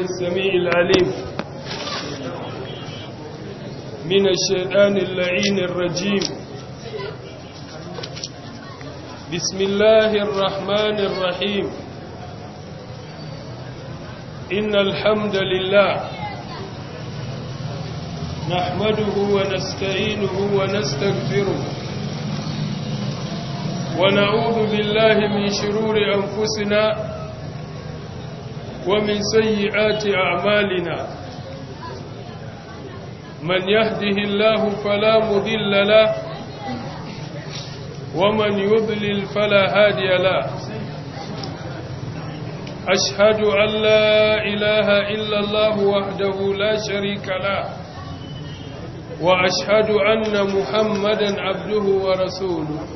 السميع العليم من الشيطان اللعين الرجيم بسم الله الرحمن الرحيم إن الحمد لله نحمده ونستعينه ونستغفره ونعوذ بالله من شرور أنفسنا ومن سيئات أعمالنا من يهده الله فلا مذل له ومن يضلل فلا هادي له أشهد أن لا إله إلا الله وحده لا شريك له وأشهد أن محمدا عبده ورسوله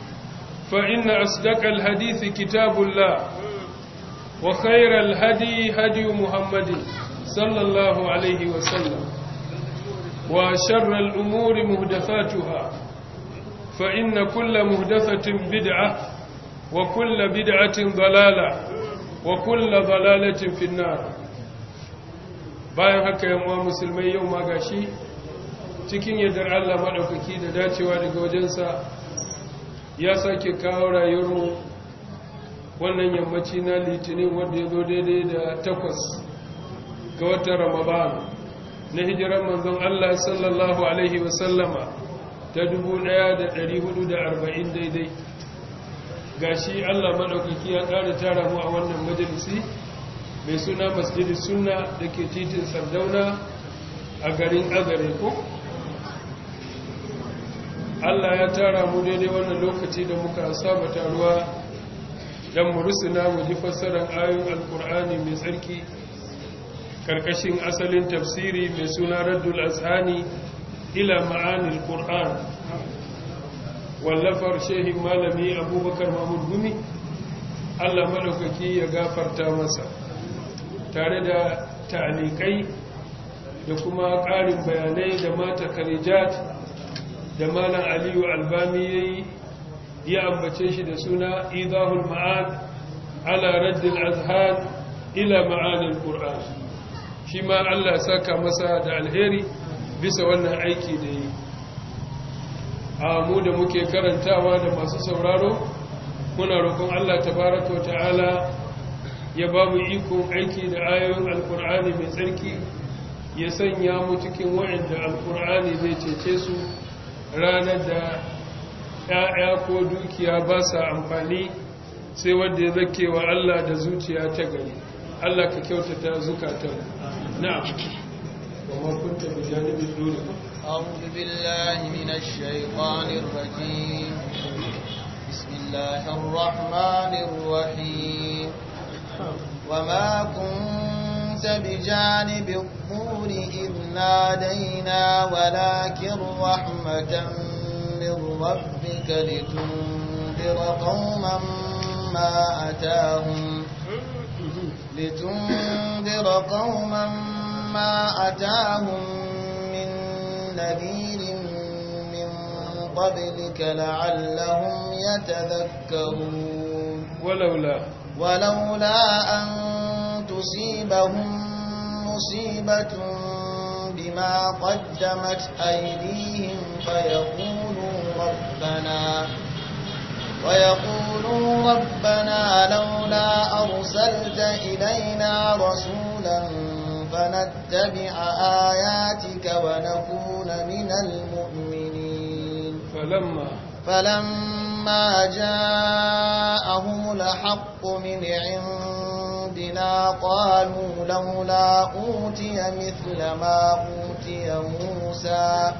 فإن أصدق الحديث كتاب الله وخير الهدي هدي محمد صلى الله عليه وسلم وشر الأمور مهدفاتها فإن كل مهدفة بدعة وكل بدعة ضلالة وكل ضلالة في النار bayan haka yamma musulmai yau ma gashi cikin yadda Allah maɗaukaki da dacewa daga wajensa ya sake kawo rayuwar wannan yammaci na litinin wanda ya zo daidai da takwas ga watan ramadan na hijiran manzon Allah sallallahu alaihi wasallama ta 1440 daidai ga shi Allah madaukaki ya ƙara tara mu a wannan majalisi mai suna masjidi sunna da ke titin sardauna a garin azare ko Allah ya tara mu daidai wannan lokaci da muka saba taruwa don mu rusuna mu ji fassarar ayoyin alkur'ani mai tsarki karkashin asalin tafsiri mai suna raddul azhani ila ma'anil qur'an wallafar shehin malami abubakar mahmud gumi Allah maɗaukaki ya gafarta masa tare da ta'alikai da kuma ƙarin bayanai da mata karijat da malam aliyu albani ya yi ya ambace shi da suna idahul ma'ad ala raddin azhar ila ma'anin Kur'an shi ma allah saka masa da alheri bisa wannan aiki da yi a mu da muke karantawa da masu sauraro muna roƙon allah tabaraka ta'ala ya ba mu ikon aiki da ayoyin alkur'ani mai tsarki ya sanya mu cikin wa'anda alkur'ani zai cece su ranar da ‘ya'ya ko dukiya ba sa amfani sai wadda ya zake wa Allah da zuciya ta gari Allah ka kyautata ta na'am na kunta janibin أعوذ بالله من الشيطان كنت بجانب الطور إذ نادينا ولكن رحمة من ربك لتنذر قوما ما أتاهم لتنذر قوما ما أتاهم من نذير من قبلك لعلهم يتذكرون ولولا ولولا أن تصيبهم مصيبة بما قدمت أيديهم فيقولوا ربنا ويقولوا ربنا لولا أرسلت إلينا رسولا فنتبع آياتك ونكون من المؤمنين فلما فلما جاءهم الحق من عند ربنا قالوا لولا أوتي مثل ما أوتي موسى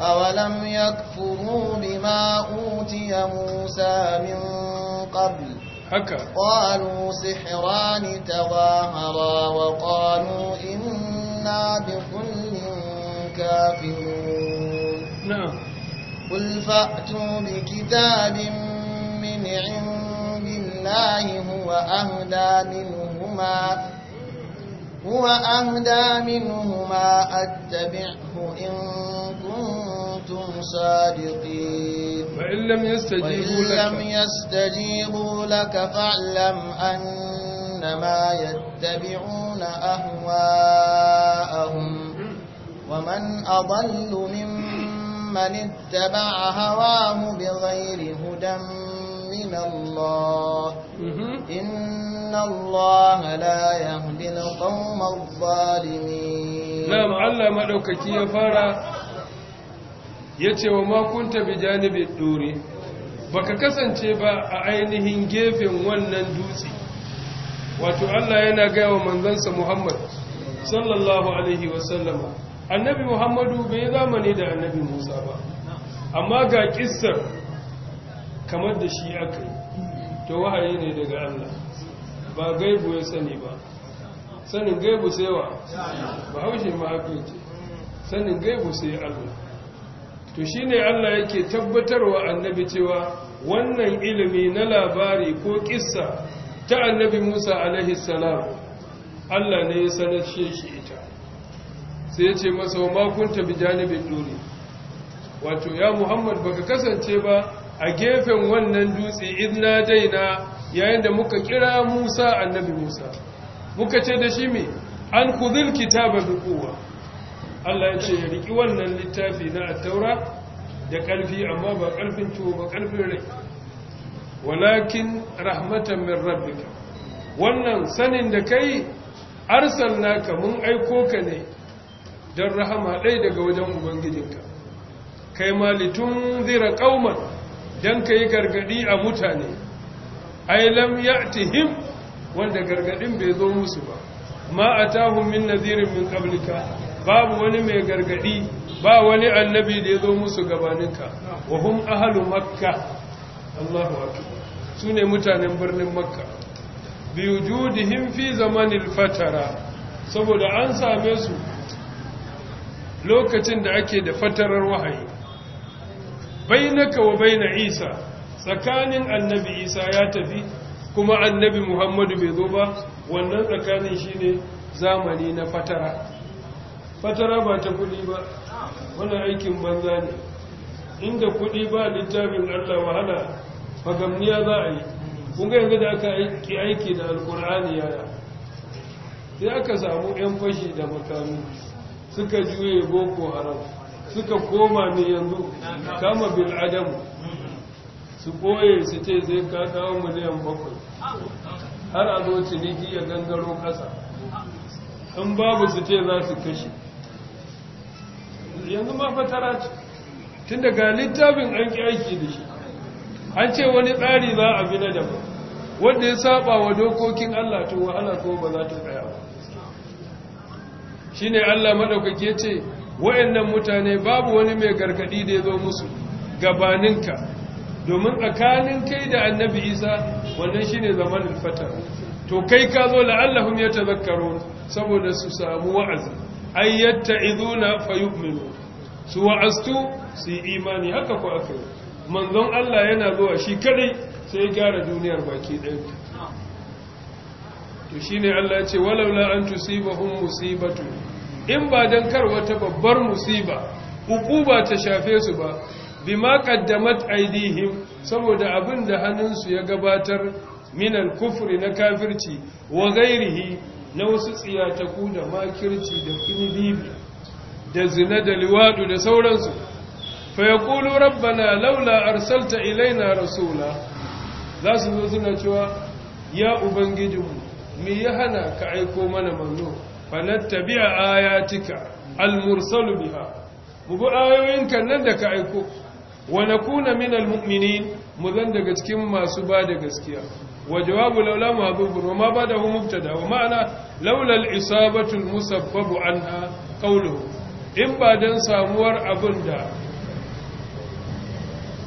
أولم يكفروا بما أوتي موسى من قبل قالوا سحران تظاهرا وقالوا إنا بكل كافرون نعم قل فأتوا بكتاب من عند الله هو هو أهدى منهما هو أهدى منهما أتبعه إن كنتم صادقين وإن لم يستجيبوا, وإن لم يستجيبوا لك فاعلم أنما يتبعون أهواءهم ومن أضل ممن اتبع هواه بغير هدى من الله إن الله لا يهدي القوم الظالمين نعم الله ما يفارا yace wa يتي وما كنت بجانب duri baka kasance ba a ainihin gefen wannan dutse wato Allah yana gaya wa manzansa Muhammad sallallahu alaihi wasallama annabi Muhammadu bai zamani da annabi Musa ba amma ga kissar kamar da shi aka yi to wahayi ne daga Allah ba gaibu ya sani ba sanin gaibu sai wa ba haushe yake sanin gaibu sai Allah to shi ne Allah yake tabbatarwa annabi cewa wannan ilimi na labari ko kissa ta annabi Musa alaihi salam Allah ne ya sanar shi ita sai ya ce masa wa makunta bi janibin duni wato ya Muhammad baka kasance ba a gefen wannan dutse idna daina yayin da muka kira Musa annabi Musa muka ce da shi me an kudhil kitaba bi quwwa Allah ya ce ya riki wannan littafi na at-taura da kalfi amma ba kalfin ciwo ba kalfin rai walakin rahmatan min rabbika wannan sanin da kai arsalnaka mun aiko ka ne dan rahama dai daga wajen ubangijinka kai ma zira ƙauman don ka yi gargadi a mutane ailam ya tihim wanda gargaɗin bai zo musu ba ma a tahun min nazirin min ƙablika babu wani mai gargaɗi ba wani annabi da ya zo musu gabaninka wa hum ahalu makka Allahu akbar su mutanen birnin makka bi wujudihim fi zamanil fatara saboda an same su lokacin da ake da fatarar wahayi bainaka wa baina isa tsakanin annabi isa ya tafi kuma annabi muhammadu bai zo ba wannan tsakanin shine zamani na fatara fatara ba ta kudi ba wannan aikin banza ne inda kudi ba littafin allah wahala fagamniya za a yi kunga yanzu da aka aiki aiki da alkur'ani yana sai aka samu 'yan fashi da makami suka juye boko haram suka koma ne yanzu kama bil adamu su koye su ce sai ka kawo miliyan bakwai har a zo ciniki ya gangaro ƙasa in babu su ce za su kashe yanzu ma fatara ce tun daga littafin an ƙi aiki da shi an ce wani tsari za a bi na daban wanda ya saba wa dokokin Allah to wahala ko ba za ta tsaya ba shine Allah madaukake ce wayannan mutane babu wani mai gargadi da ya zo musu gabaninka domin tsakanin kai da annabi isa wannan shine zamanin fatar to kai ka zo la'allahum yatazakkarun saboda su samu wa'azi ay yatta'izuna fayu'minu su wa'astu su yi imani haka ko aka yi manzon Allah yana zuwa shi kadai sai gyara duniyar baki ɗaya to shine Allah ce walaula an tusibahum musibatu in ba don kar wata babbar musiba hukuba ta shafe su ba bima kaddamat aidihim saboda abin da hannunsu ya gabatar minan kufuri na kafirci wa gairihi na wasu tsiyataku da makirci da kinibibi da zina da liwadu da sauransu fa kulu rabbana laula arsalta ilaina rasula za su zo suna cewa ya ubangijinmu me ya hana ka aiko mana manzo fanattabi'a ayatika almursalu biha mu bi ayoyinka nan da ka aiko wa nakuna min mumini mu zan daga cikin masu ba da gaskiya wa jawabu laula mahdhubun wa ma badahu mubtada wa ma'ana laula al-isabatu al-musabbabu anha qawluhu in ba dan samuwar abin da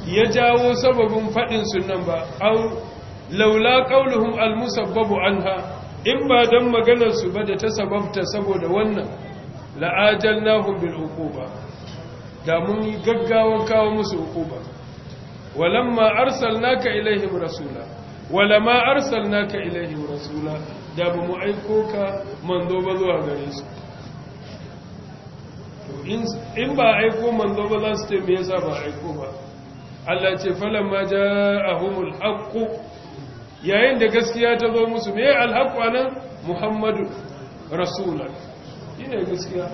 ya jawo sababin fadin sunan ba au laula qawluhum al-musabbabu anha in ba don maganarsu ba da ta sababta saboda wannan la'ajal nahun bil hukuba da mun yi gaggawan kawo musu hukuba walamma arsalnaka ilaihim rasula walama arsalnaka ilaihim rasula da ba mu aiko ka manzo ba zuwa gare su in ba aiko manzo ba za su ce me yasa ba aiko ba Allah ce falamma ja'ahumul haqq yayin da gaskiya ta zo musu me alhaqu nan?" muhammadu rasulullah ina gaskiya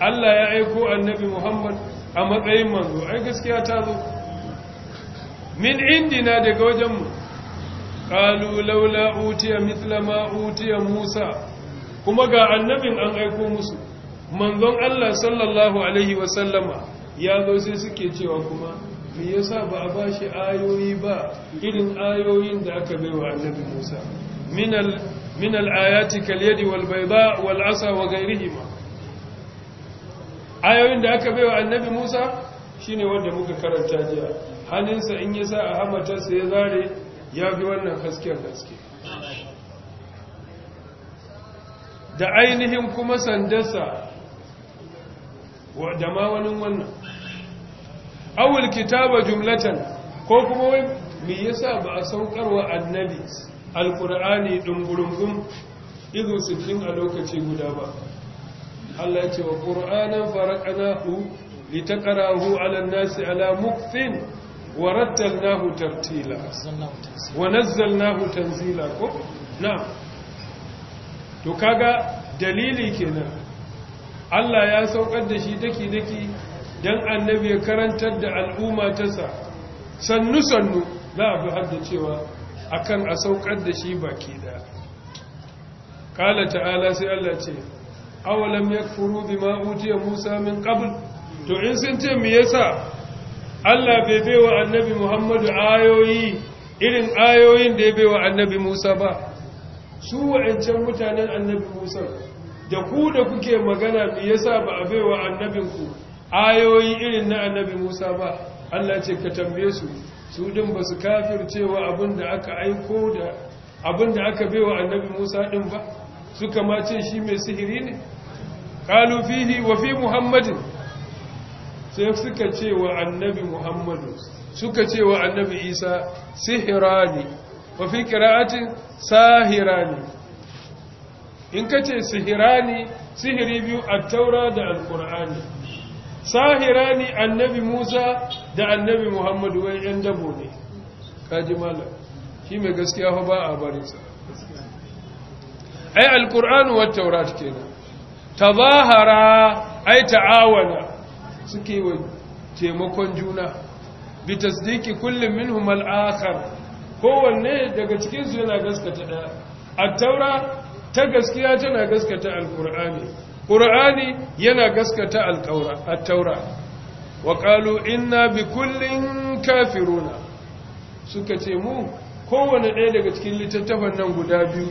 Allah ya aiko annabi muhammad a matsayin manzo ai gaskiya ta zo min indina daga wajenmu qalu laula utiya mithla ma utiya musa kuma ga annabin an aiko musu manzon Allah sallallahu alaihi wasallama ya zo sai suke cewa kuma me yasa ba a ba shi ayoyi ba irin ayoyin da aka bai wa annabi musa min al'ayati kalyadi wal wal'asa wa gairihima ayoyin da aka bai wa annabi musa shine wanda muka karanta jiya hannunsa in yasa a hamatarsa ya zare ya bi wannan hasken haske da ainihin kuma sandarsa da ma wani wannan awul kitaba jumlatan ko kuma wai me yasa ba a saukarwa annabi alqur'ani dumburungum izu sittin a lokaci guda ba Allah ya ce wa qur'anan faraqnahu litaqrahu 'ala an-nasi 'ala mukthin wa rattalnahu tartila wa nazzalnahu tanzila ko na. to kaga dalili kenan Allah ya saukar da shi daki-daki don annabi ya karantar da al'umma ta sa sannu-sannu za a fi haddacewa a kan a saukar da shi baki ɗaya ƙala ta'ala sai Allah ce awalam ya furu bi ma'ujiya musa min ƙabul to in sun ce me yasa Allah bai baiwa annabi Muhammadu ayoyi irin ayoyin da ya baiwa annabi Musa ba su wa'ancan mutanen annabi Musa da ku da kuke magana me yasa ba a baiwa annabinku ayoyi irin na annabi Musa ba Allah ce ka tambaye su su din ba su kafircewa abinda aka aiko da abinda aka baiwa annabi Musa din ba suka ma ce shi mai sihiri ne qalu fihi wa fi muhammadin sai suka ce wa annabi Muhammadu suka ce wa annabi Isa sihirani wa fi sahira sahirani in kace sihirani sihiri biyu a taura da alkur'ani sahira ne annabi musa da annabi muhammadu wai yan dabo ne kaji mala. shi mai gaskiya fa ba a barinsa ai alkur'anu wa taurat kenan tazahara ai ta'awana suke wa taimakon juna bi tasdiki kullum minhum al-akhar kowanne daga cikin su yana gaskata daya at-taura ta gaskiya tana gaskata alkur'ani Qur'ani yana gaskata al-taura wa qalu inna bi kullin kafiruna suka ce mu kowane ɗaya daga cikin littattafan nan guda biyu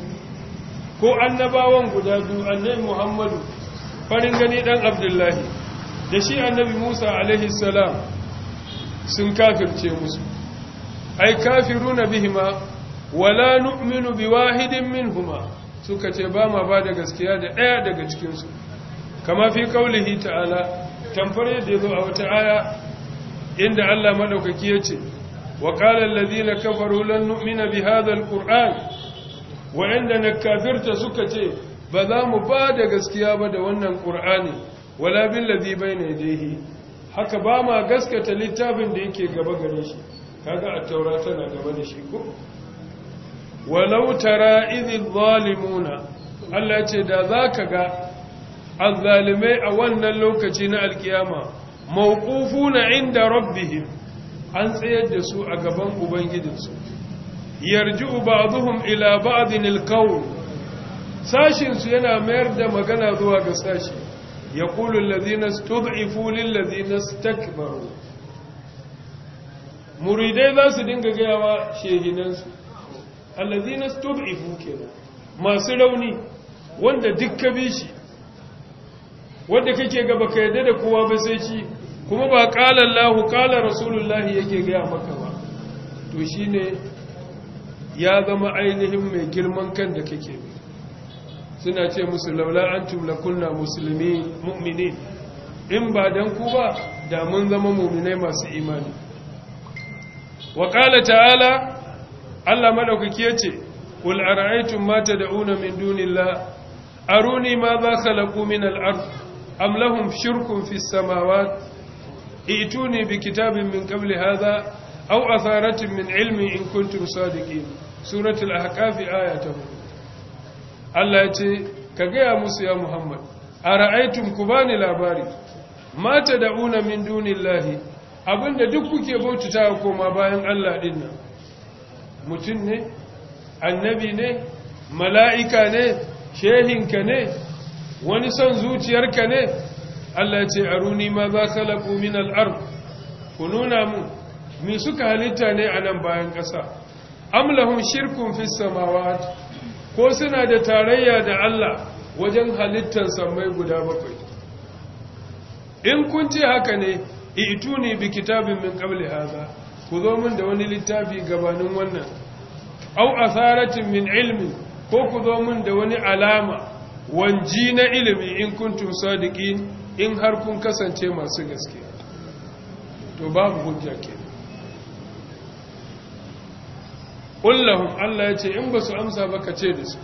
ko annabawan guda biyu annabi Muhammadu farin gani dan Abdullahi da shi annabi Musa alaihi salam sun kafirce musu ai kafiruna bihima wala nu'minu wahidin minhuma suka ce ba ma ba da gaskiya da ɗaya daga cikinsu kama fi kaulihi ta'ala tamfar yadda yazo a wata aya inda Allah madaukaki yace wa qala alladhina kafaru lan nu'mina bi hadha alquran wa indana kafirta suka ce ba za mu ba da gaskiya ba da wannan qur'ani wala bil ladhi bayna yadayhi haka ba ma gaskata littafin da yake gaba gare shi kaga a taura tana gaba da shi ko walau tara idh zalimuna Allah ce da zaka ga azzalimai a wannan lokaci na alkiyama na inda rabbihim an tsayar da su a gaban ubangijinsu yarji'u ba'dhum ila ba'dhin alqawl sashin su yana mayar da magana zuwa ga sashi yaqulu allazina istud'ifu lil ladzina istakbaru muridai za su dinga gayawa shehinansu allazina istud'ifu kenan masu rauni wanda duk ka bi shi wanda kake gaba ka yadda da kowa ba sai shi kuma ba qala Allahu qala Rasulullah yake gaya maka ba to shine ya zama ainihin mai girman kan da kake suna ce musu laula antum lakunna muslimin mu'minin in ba dan ku ba da mun zama mu'minai masu imani wa qala ta'ala Allah madaukaki yace qul ara'aytum ma tad'una min a aruni ma za khalaqu min al-ardh am lahum shirkun fi samawat ituni bi kitabin min qabli hadha aw atharatin min ilmin in kuntum sadiqin suratul ahqaf ayatu Allah ya ce ka gaya musu ya Muhammad ara'aytum kubani labari ma tad'una min dunillahi abinda duk kuke bautata koma bayan Allah din nan mutum ne annabi ne mala'ika ne ka ne wani son zuciyarka ne Allah ce runi ma za khalaqu min al’ar ku nuna mu me suka halitta ne a nan bayan ƙasa amlahun shirkun fi samawa. ko suna da tarayya da Allah wajen halittar samai guda bakwai in kun ce haka ne ne bi kitabin min ƙabli haza, ku zo min da wani littafi gabanin wannan au asaratin min ilmi ko ku zo min da wani alama wanji na ilimi in kuntum sadiqin in har kun kasance masu gaske to babu hujja ke kullahum Allah ya ce in ba su amsa ba ka ce da su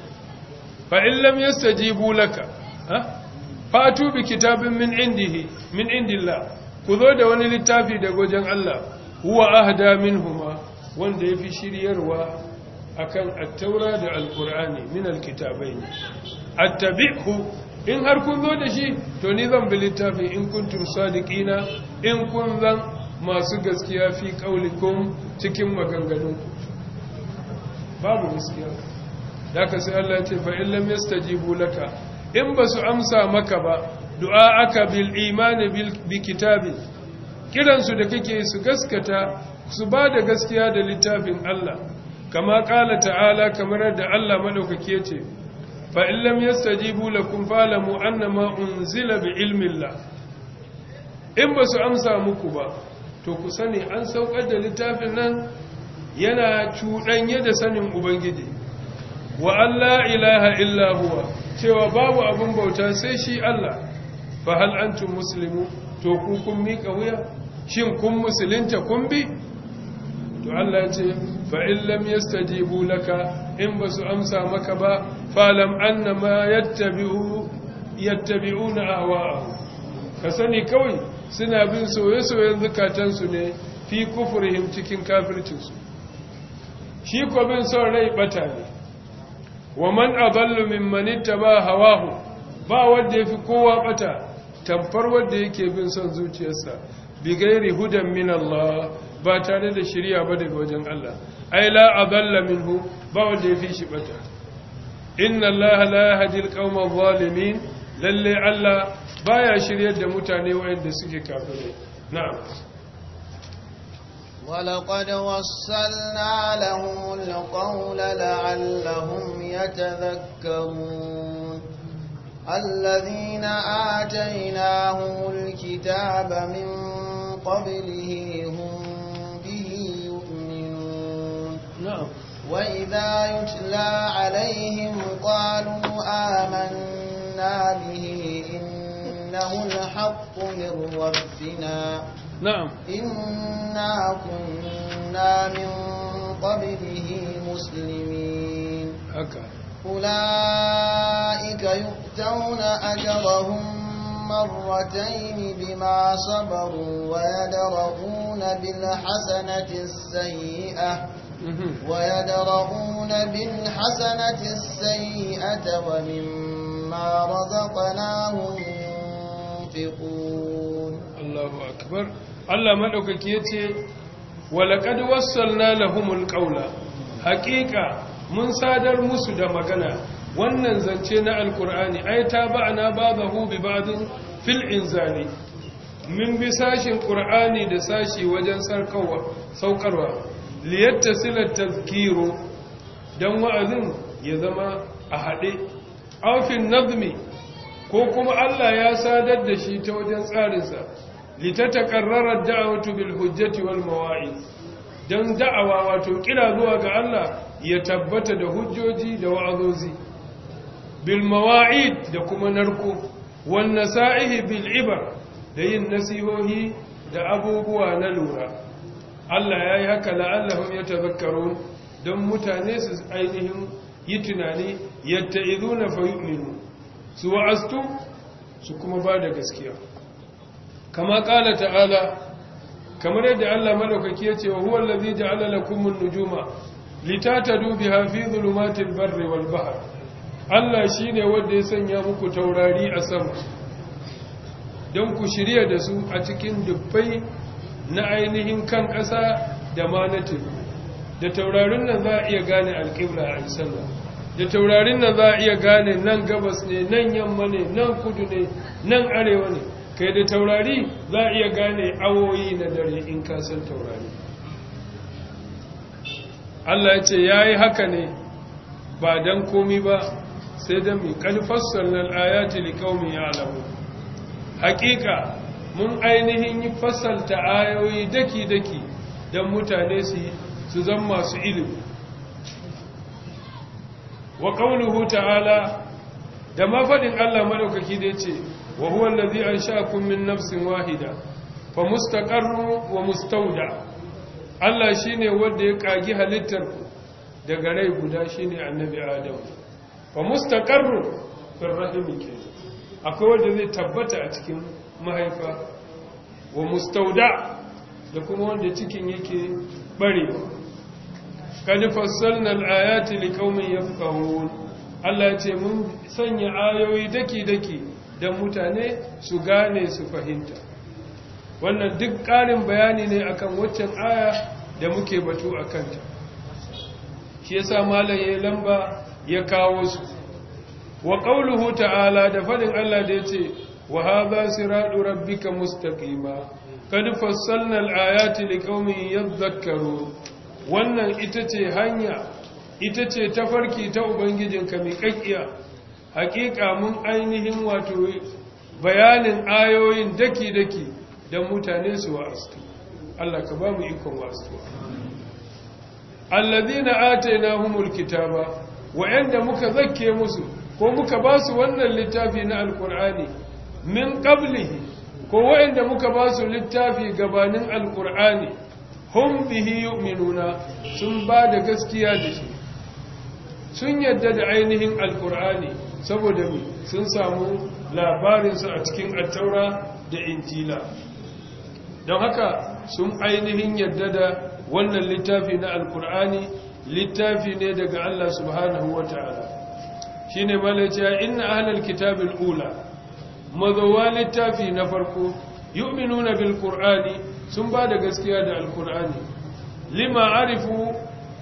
fa in lam yastajibu laka ha fatu bi kitabin min indihi min indillah ku zo da wani littafi daga wajen Allah huwa ahda minhuma wanda yafi shiryarwa akan at-taura da al-qur'ani min al-kitabaini attabi'hu in har kun zo da shi to ni zan bi littafi in kuntum sadiqina in kun zan masu gaskiya fi qaulikum cikin maganganun babu gaskiya daga sai Allah ce fa in lam yastajibu laka in basu amsa maka ba du'a aka bil imani bil bi kitabi kiran su da kake su gaskata su ba da gaskiya da littafin Allah kama kala ta'ala kamar da Allah madaukake ce فإن لم يستجيبوا لكم فاعلموا أنما أنزل بعلم الله in ba su amsa muku ba to ku sani an saukar da littafin nan yana cuɗanye da sanin ubangiji wa Allah ilaha illa huwa cewa babu abin bauta sai shi Allah fa hal antum to ku kun miƙa wuya shin kun musulunta kun bi to Allah ya ce fa'in lam yastajibu laka in ba su amsa maka ba falam annama yattabi'una awa'ahu ka sani kawai suna bin soye-soyen zukatansu ne fi kufurihim cikin kafircinsu shi ko bin son rai bata ne wa man adallu mimman ittaba hawahu ba wanda yafi kowa bata tamfar wanda yake bin son zuciyarsa bi gairi hudan min Allah ba tare da shirya ba daga wajen Allah ai la adalla minhu ba wanda ya fi shi bata inna Allah la yahdi al-qawma zalimin lalle Allah baya shiryar da mutane wayanda suke kafirai na'am ولقد وصلنا له القول لعلهم يتذكرون الذين آتيناهم الكتاب من قبله هم به يؤمنون نعم وإذا يتلى عليهم قالوا آمنا به إنه الحق من ربنا نعم إنا كنا من قبله مسلمين أولئك يؤتون أجرهم مرتين بما صبروا ويدرؤون بالحسنة السيئة ويدرؤون بالحسنة السيئة ومما رزقناهم ينفقون الله أكبر الله ملك كيتي ولقد وصلنا لهم القول حقيقة من صادر مسد مغنى wannan zance na alkur'ani ai ta ba'ana babahu bi ba'din fil inzali min bi sashin qur'ani da sashi wajen sarkawa saukarwa liyattasila tadhkiru dan wa'azin ya zama a hade aufin nazmi ko kuma Allah ya sadar da shi ta wajen tsarinsa litatakarrara da'watu bil hujjati wal mawa'iz dan da'awa wato kira zuwa ga Allah ya tabbata da hujjoji da wa'azozi bil mawa'id da kuma narko wal nasaihi bil ibar da yin nasihohi da abubuwa na lura Allah ya yi haka la'allahum yatazakkarun don mutane su ainihin yi tunani yadda iduna fa yu'minu su wa'astu su kuma ba da gaskiya kama kala ta'ala kamar yadda Allah madaukaki ya ce wa huwa allazi ja'ala lakum an-nujuma litatadu biha fi dhulumatil barri wal bahr Allah shi ne wanda ya sanya muku taurari a sama don ku shirya da su a cikin dubbai na ainihin kan ƙasa da ma na tuni, da taurarin nan za a iya gane alƙibla a sallah da taurarin nan za a iya gane nan gabas ne nan yamma ne nan kudu ne nan arewa ne kai da taurari za a iya gane awoyi na dare in ka san taurari Allah ya ce ya yi haka ne ba don komi ba sai da mu kalfassar nan ayati liqaumin ya'lamu haqiqa mun ainihin yi fasalta ayoyi daki daki dan mutane su su zan masu ilimi wa qawluhu ta'ala da ma faɗin Allah madaukaki da yace wa huwa allazi ansha'akum min nafsin wahida fa mustaqarru wa mustawda Allah shine wanda ya kagi halittar daga rai guda shine annabi Adam fa mustaqarru fi rahimi akwai wanda zai tabbata a cikin mahaifa wa mustauda da kuma wanda cikin yake barewa kad fassalna al-ayati liqaumin yafqahun Allah ya ce mun sanya ayoyi daki daki da mutane su gane su fahimta wannan duk ƙarin bayani ne akan waccan aya da muke batu a kanta shi yasa malam ya lamba ya kawo su wa qauluhu ta'ala da faɗin Allah da ya yace wa hadha rabbi rabbika mustaƙima kad fassalna al-ayati ya yadhakkarun wannan ita ce hanya ita ce farki ta ubangijinka mai kakkiya Haƙiƙa mun ainihin wato bayanin ayoyin daki-daki don mutane su wa wa'astu Allah ka ba mu ikon wa'astu allazina atainahumul kitaba wa'anda muka zakke musu ko muka ba su wannan littafi na alkur'ani min qablihi ko wa'anda muka ba su littafi gabanin alkur'ani hum bihi yu'minuna sun ba da gaskiya da shi sun yadda da ainihin alkur'ani saboda sun samu labarinsa a cikin attaura da intila don haka sun ainihin yadda da wannan littafi na alkur'ani littafi ne daga Allah subhanahu wata'ala shine malaciya inna halar kitabil ula mazawa littafi na farko yu'minuna bil qur'ani sun ba da gaskiya da Alƙur'ani.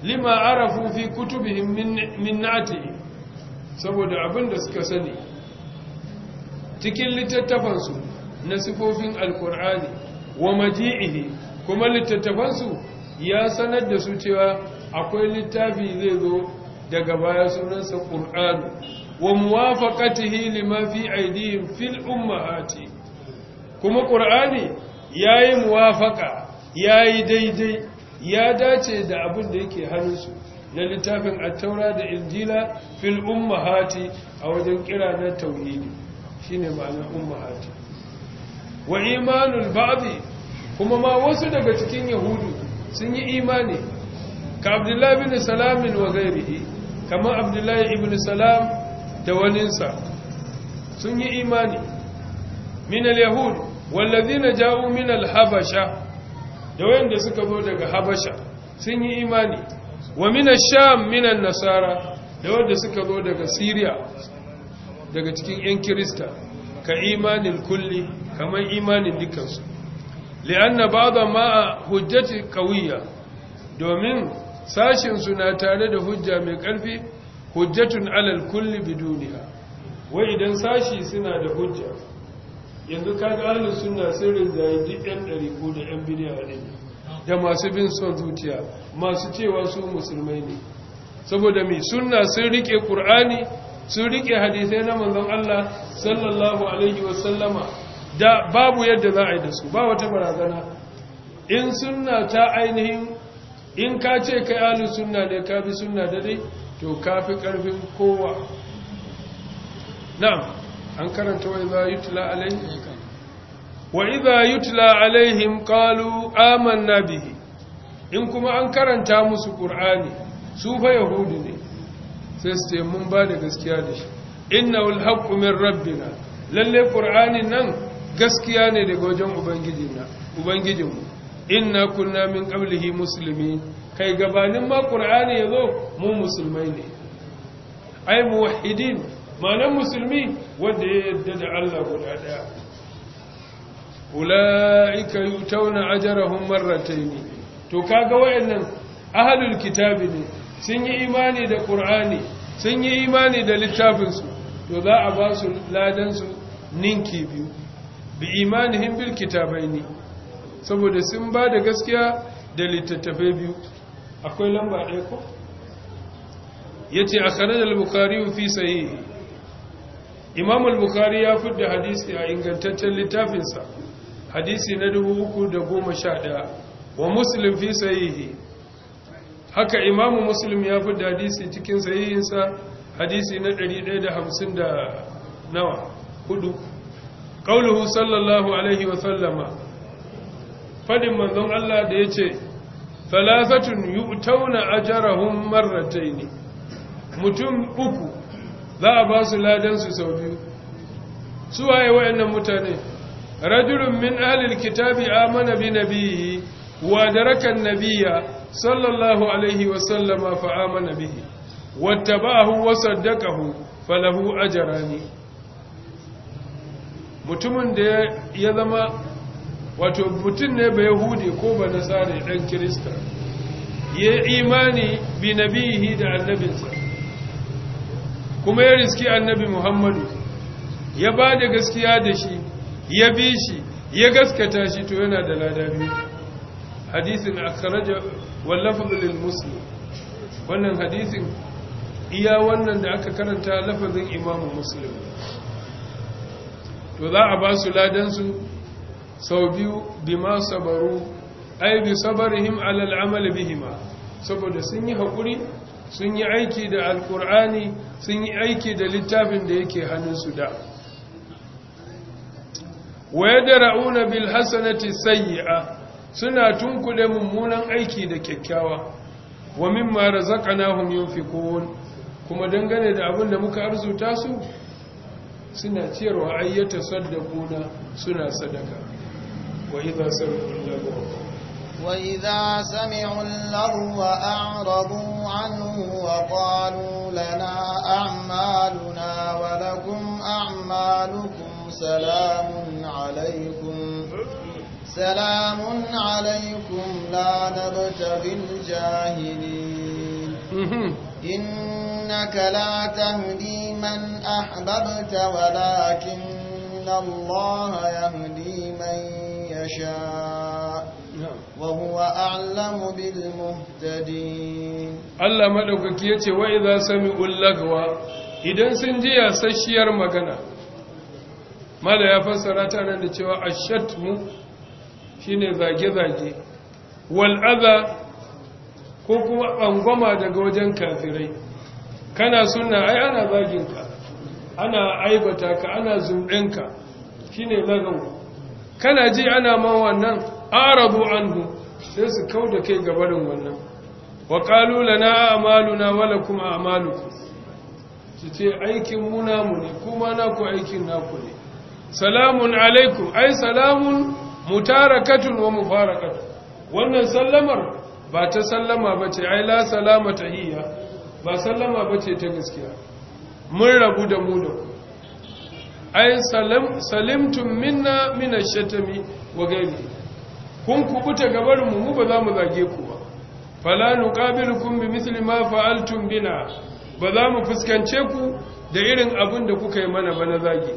lima arafu fi kutubihim min nati saboda abinda suka sani cikin littattafansu na sifofin Alƙur'ani wa maji'ihi kuma littattafansu ya sanar da su cewa akwai littafi zai zo daga baya sunansa ƙur'anu wa muwafaqatihi lima fi aidihim fil ummahati kuma ƙur'ani yayi muwafaqa yayi daidai ya dace da abin da yake hannunsu na littafin at-taura da injila fil ummahati a wajen kira na tauhidi shine ma'anar ummahati wa imanul ba'd kuma ma wasu daga cikin yahudu sun yi imani ka abdullahi ibn salam wa ghairihi kama abdullahi ibn salam da waninsa sun yi imani min yahud walladhina ja'u min al-habasha da wanda suka zo daga habasha sun yi imani wa min ash-sham nasara da wanda suka zo daga Siriya daga cikin yan kirista ka imanin kulli kamar imanin dukansu li'anna ba'da ma hujjati qawiyya domin sashin su na tare da hujja mai ƙarfi hujjatun alal kulli biduniya wai idan sashi suna da hujja yanzu kaga ahlus sunna sun ya duk yan ɗari ko da biliya a ne da masu bin son zuciya masu cewa su musulmai ne saboda mai sunna sun rike ƙur'ani sun rike hadisai na manzon Allah sallallahu alaihi wasallama da babu yadda za a yi da su ba wata barazana in sunna ta ainihin in ka ce kai yi sunna ne ka bi sunna dai to ka fi karfin kowa na'am an karanta wa yi tula alaihim wa yi tula alaihim aman na bihi in kuma an karanta musu ƙur'ani, su fa yahudu ne sai su mun ba da gaskiya da shi innahu alhaqqu min rabbina lalle ƙur'ani nan gaskiya ne daga wajen ubangijinmu inna kunna min qablihi muslimi kai gabanin ma qur'ani yazo mu musulmai ne ai muwahhidin manan musulmi wanda ya yadda da Allah guda daya ulaika yutawna ajrahum marratayn to kaga wayannan ahlul kitabi ne sun yi imani da qur'ani sun yi imani da littafin su to za a ba su ladan su ninki biyu bi imanihim bil kitabaini saboda sun ba da gaskiya da littattafai biyu akwai lamba ɗaya ko ya ce a kanajar bukari fi sahihi imam al-bukhari ya da hadisi a ingantaccen littafinsa hadisi na 311 wa muslim fi sahihi haka imamu muslim ya da hadisi cikin sayinsa hadisi na ɗaya da nawa hudu qauluhu sallallahu alaihi wa sallama fadin manzon Allah da ya ce falafatun yu'tauna ajarahum marrataini mutum uku za a ba su ladan su sau biyu su waye wayannan mutane rajulun min ahlil kitabi amana bi nabiyhi wa daraka an-nabiyya sallallahu alaihi wa sallama fa amana bihi wattabahu wa saddaqahu falahu ajrani mutumin da ya zama wato mutum ne bai yahudi ko ba nasara ɗan kirista ya imani bi nabihi da annabinsa kuma ya riski annabi muhammadu ya ba da gaskiya da shi ya bi shi ya gaskata shi to yana da lada biyu hadisin akharaja wallafa bilin musulun wannan hadisin iya wannan da aka karanta lafazin imamu musulun to za a ba su ladansu sau biyu bima sabaru ai bi sabarihim alal al'amal bihima saboda sun yi haƙuri sun yi aiki da Alƙur'ani sun yi aiki da littafin da yake hannunsu da waye da ra'una bil hasanati sayyi'a suna tunkuɗe mummunan aiki da kyakkyawa wa mimma razaqnahum yunfiqun kuma dangane da abin da muka arzuta su suna ciyarwa ayyata saddaquna suna sadaka وإذا سمعوا اللغو وإذا سمعوا اللغو أعرضوا عنه وقالوا لنا أعمالنا ولكم أعمالكم سلام عليكم سلام عليكم لا نبتغي الجاهلين إنك لا تهدي من أحببت ولكن الله يهدي من يشاء maɗaukaki ya بالمهتدين الله مدوكك يتي وإذا سمعوا اللغوة idan sun ji yasasshiyar magana mala ya fassara ta nan da cewa ashatmu shine zage-zage wal'aza ko kuma ɓangwama daga wajen kafirai kana suna ai ana zaginka ana aibata ka ana zumɗinka shine zaganku kana ji ana ma wannan arabu anhu sai su kauda kai gabarin wannan wa kalu lana a'maluna wala kuma amaluku su ce aikin mu muni ne kuma ku aikin na ku ne salamun alaikum ai salamun mutarakatun wa mufarakatun wannan sallamar ba ta sallama ba ce ai la salama tahiyya ba sallama ba ce ta gaskiya mun rabu da mu da ku ai salimtum minna min ash-shatami wa ghayri kun kubuta gabar mu ba za mu zage ku ba fala nuqabilukum bimithli ma fa'altum bina ba za mu fuskance ku da irin abin da kuka yi mana ba na zage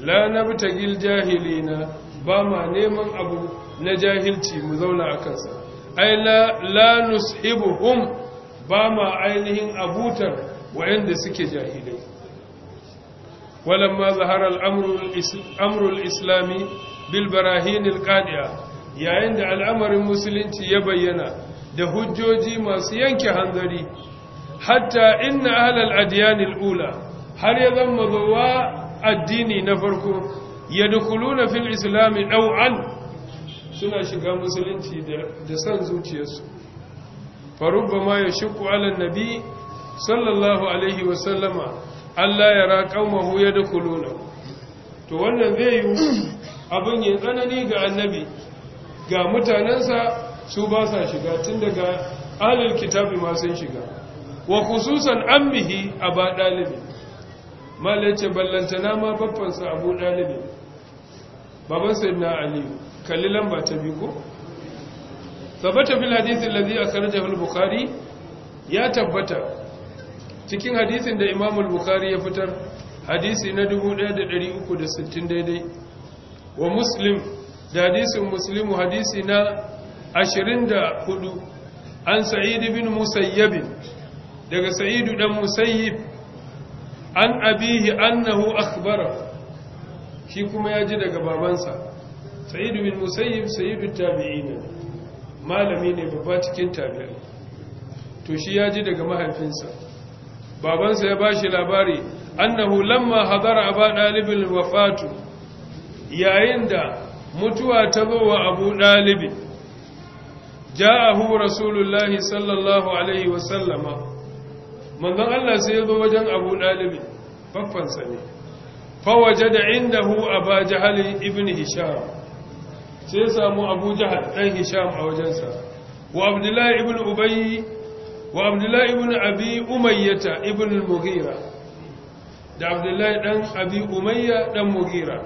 la nabtagil jahilina ba ma neman abu na jahilci mu zauna a kansa ai la la nushibuhum ba ma ainihin abutar wa'anda suke jahilai ولما ظهر الأمر الأمر الإسلامي بالبراهين القادعة يا عند الأمر المسلم يبينا ده هجوجي ما سينك هنذري حتى إن أهل الأديان الأولى هل يذم ضواء الدين نفركم يدخلون في الإسلام نوعا suna shiga musulunci da san zuciyarsu farubbama ya shukku ala nabi sallallahu alaihi wasallama Allah ya ra ya dukuluna to wannan zai yi abin yin tsanani ga annabi ga mutanensa su ba sa shiga tun daga alil kitabi ma sun shiga wa khususan ammihi aba dalibi malace na ma babbansa abu dalibi baban sayyidina ali kalli lamba ta biyu ko ثبت في الحديث الذي أخرجه البخاري ya tabbata cikin hadisin da imam bukhari ya fitar hadisi na 1360 daidai wa muslim da hadisin muslimu hadisi na 24 an Sa'idu bin musayyib daga Sa'idu dan musayyib an abihi annahu akhbara shi kuma ya ji daga babansa Sa'idu bin musayyib sayyidut tabi'in malami ne babba cikin tabi'in to shi ya ji daga mahaifinsa babansa ya ba shi labari annahu lamma hadara aba dalibin wafatu yayin da mutuwa ta zo wa abu dalibin ja'ahu rasulullahi sallallahu alaihi wasallama manzon Allah sai ya zo wajen abu dalibin faffansa ne fawaje da inda hu a ba ibn hisham sai samu abu jahal ɗan hisham a wajensa wa abdullahi ibn ubayi wa abdullahi ibn abi umayyata ibn al da abdullahi dan abi umayya dan mughira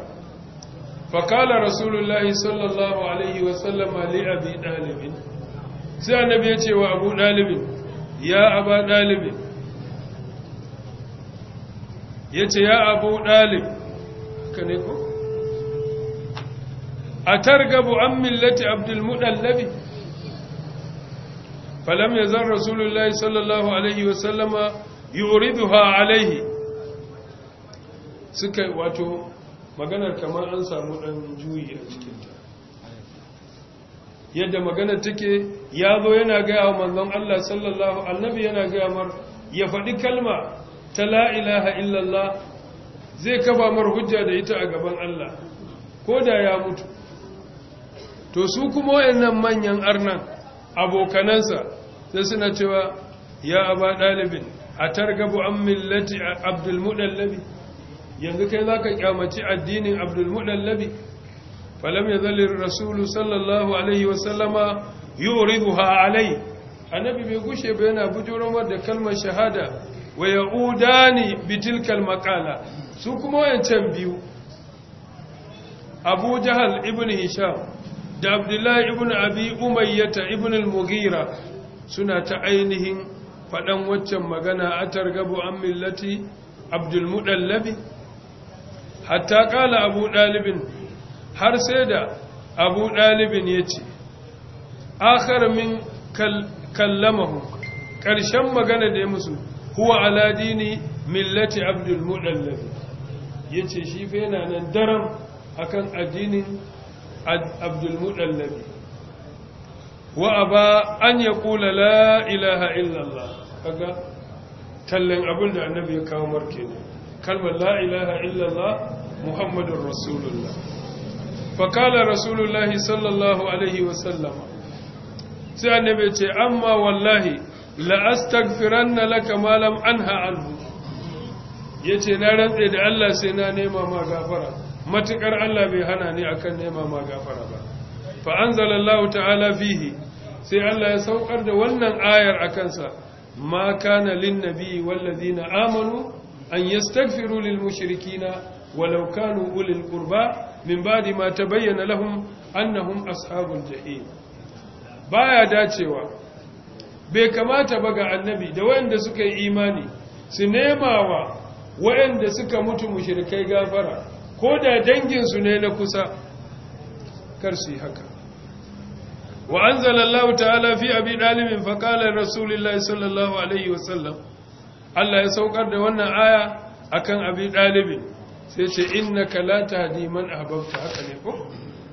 fa qala rasulullahi sallallahu alaihi wa sallam li abi dalib sai annabi ya ce abu dalib ya aba dalib yace ya abu dalib kane ko atargabu millati abdul falam ya zan rasulullahi sallallahu alaihi wasallama yuriduha alaihi suka wato maganar kamar an samu dan juyi a cikinta yadda maganar take ya zo yana gaya wa manzon Allah sallallahu annabi yana gaya mar ya faɗi kalma ta la ilaha illallah zai kafa mar hujja da ita a gaban Allah ko da ya mutu to su kuma wayannan manyan arnan abokanansa sai suna cewa ya aba ɗalibin a targabu an millati abdulmudallabi yanzu kai za ka kyamaci addinin abdulmudallabi falam ya zalli rasulu sallallahu alaihi wasallama yuridu ha alai annabi bai gushe ba yana bujuromar da kalmar shahada wa ya'udani bitilkal makala su kuma wayancan biyu abu jahal ibn hisham da abdullahi ibn abi umayyata ibn al-mughira suna ta ainihin faɗan waccan magana a targabu an millati abdulmuɗallabi hatta ƙala abu ɗalibin har sai da abu ɗalibin ya ce akhar min kallamahu ƙarshen magana da ya musu huwa aladini millati abdulmuɗallabi ya ce shi fe yana nan daram akan addinin abdulmudallab wa aba an ya kula la ilaha illallah kaga tallan abin da annabi ya kawo marke ne kalmar la ilaha illallah muhammadun rasulullah fakala rasulullahi sallallahu alaihi wasallama sai annabi ce amma wallahi la'astagfiranna laka malam anha anhu yace na rantse da Allah sai na nema ma gafara matukar Allah bai hana ni akan nema ma gafara ba fa anzalallahu ta'ala fihi sai Allah ya saukar da wannan ayar a kansa ma kana lin nabi wallazina amanu an yastaghfiru lil mushrikina walau kanu ulil qurba min di ma tabayyana lahum annahum ashabul Ba baya dacewa bai kamata ba ga annabi da wayanda suka yi imani su nema wa wayanda suka mutu mushrikai gafara ko da danginsu ne na kusa kar su yi haka wa anzalallahu ta'ala fi abi fa faƙalar rasulullahi sallallahu alaihi wasallam Allah ya saukar da wannan aya akan abi dalibin sai ce innaka la tahdi man ahbabta haka ne ko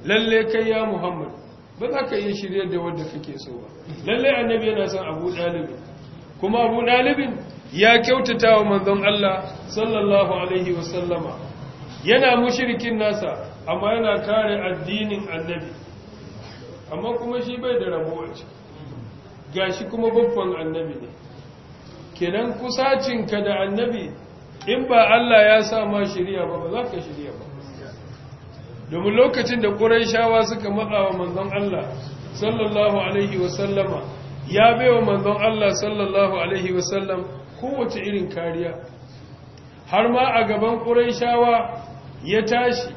lalle kai ya muhammad ba za ka iya shirye da wanda kake so ba lalle annabi yana son abu dalibi kuma abu dalibin ya kyautata wa manzon Allah sallallahu alaihi wasallama yana mushirikin nasa amma yana kare addinin annabi amma kuma shi bai da rabo a ciki shi kuma babban annabi ne kenan kusacinka da annabi in ba Allah ya sa ma shirya ba ba za ka shirya ba domin lokacin da ƙuraishawa suka matsa wa manzon Allah sallallahu alaihi wasallama ya baiwa manzon Allah sallallahu alaihi wasallam kowace irin kariya har ma a gaban shawa ya tashi